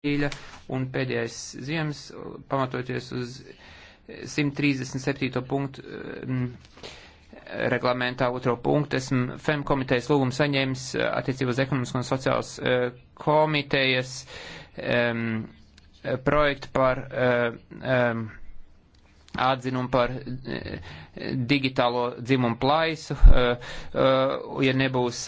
aprīļa un pēdējais ziemas, pamatoties uz 137. punktu mm, reglamentā otro punktu, esmu FEM komitejas lūgumu saņēmis eh, attiecībā uz ekonomisko un sociālas eh, komitejas um, projektu par um, atzinumu par digitālo dzimumu plaisu, ja nebūs